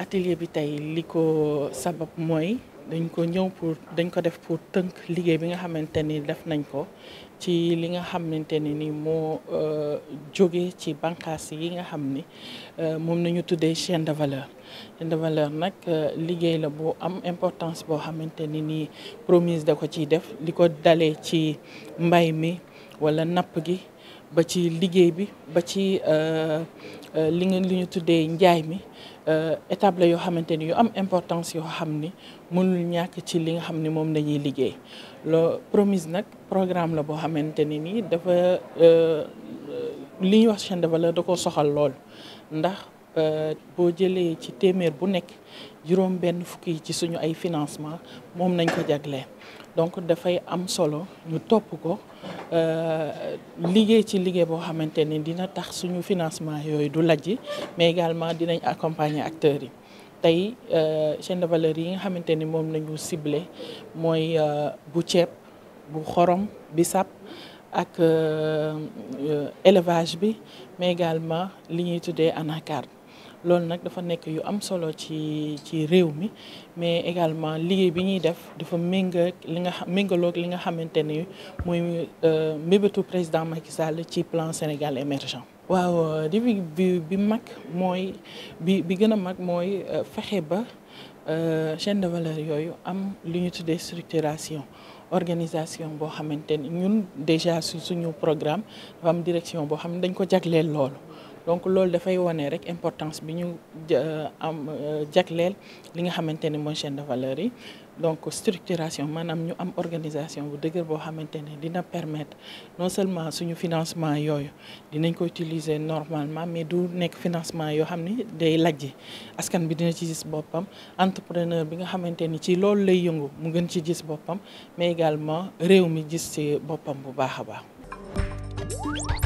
atelier bi tey li ko sabab mooy dañ ko ñëw pour dañ ko def pour tënk liggéey bi nga xamante ni def nañ ko ci li nga xamante ne ni moo euh, jóge ci bànqaas yi nga xam ni euh, moom nañu tuddee chaîne de valeur chaîne de valeur nag euh, liggéey la bu am importance boo xamante ni nii promise da ko ciy def li ko dalee ci mbay mi wala napp gi ba ci liggéey bi ba ci euh, euh, li nga lu ñu tuddee njaay mi euh, étape la yoo xamante ni yu am importance yoo xam ni mënul ñàkk ci li nga xam ni moom nañuy liggéey loo promise nag programme la boo xamante ni nii dafa li ñuy wax chaîne de valeur da ko soxal lool ndax boo jëlee ci téeméer bu nekk juróom benn fukki ci suñu ay financement moom nañ ko jagleel donc dafay am solo ñu topp ko Euh, liggéey ci liggéey boo xamante ni dina tax suñu financement yooyu du lajji mais également dinañ accompagner acteurs yi tey euh, chaîne de valeur yi nga xamante ni moom nañu ciblé mooy euh, bu ceeb bu xorom bi bisap ak élevage bi mais également li ñuy tuddee anacarde loolu nag dafa nekk yu am solo ci ci réew mi mais également liggéey bi ñuy def dafa méngoo li nga méngaloog li nga xamante ni muy euh, mbébétu président Macky Sall ci plan Sénégal émergent waaw euh, di bi bi mag mooy bi bi gën a mag mooy euh, fexe ba chaine de valeur yooyu am lu ñu tuddee structuration organisation boo xamante ni ñun déjà suñu programme dafa am direction boo xam ne dañ ko jagleel loolu donc loolu dafay wane rek importance bi ñu am euh, jagleel li nga xamante ni mooy chaîne de valeur yi donc structuration maanaam ñu am organisation bu dëgër boo xamante ne dina permettre non seulement suñu financement yooyu dinañ ko utiliser normalement mais du nekk financement yoo xam ni day lajji askan bi dina ci gis boppam entrepreneur bi nga xamante ni ci loolu lay yëngu mu gën ci gis boppam mais également réew mi gis ci boppam bu baax a baax.